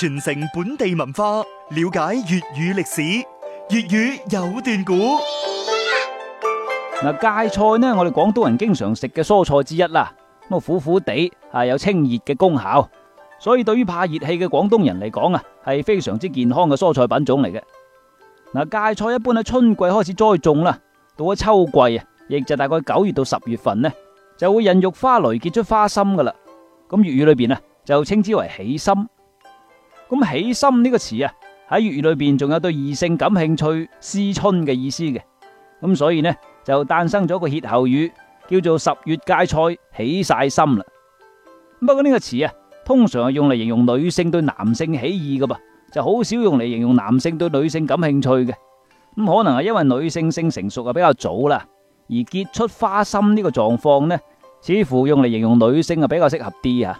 傳承本地文化，了解粵語歷史。粵語有段古，嗱芥菜呢，我哋廣東人經常食嘅蔬菜之一啦。咁啊，苦苦地係有清熱嘅功效，所以對於怕熱氣嘅廣東人嚟講啊，係非常之健康嘅蔬菜品種嚟嘅。嗱芥菜一般喺春季開始栽種啦，到咗秋季啊，亦就大概九月到十月份呢，就會孕育花蕾，結出花心噶啦。咁粵語裏邊啊，就稱之為起心。咁起心呢個詞啊，喺粵語裏邊仲有對異性感興趣、思春嘅意思嘅，咁所以呢，就誕生咗個歇後語，叫做十月芥菜起晒心啦。不過呢個詞啊，通常係用嚟形容女性對男性起意噶噃，就好少用嚟形容男性對女性感興趣嘅。咁可能係因為女性性成熟啊比較早啦，而結出花心呢個狀況呢，似乎用嚟形容女性啊比較適合啲啊。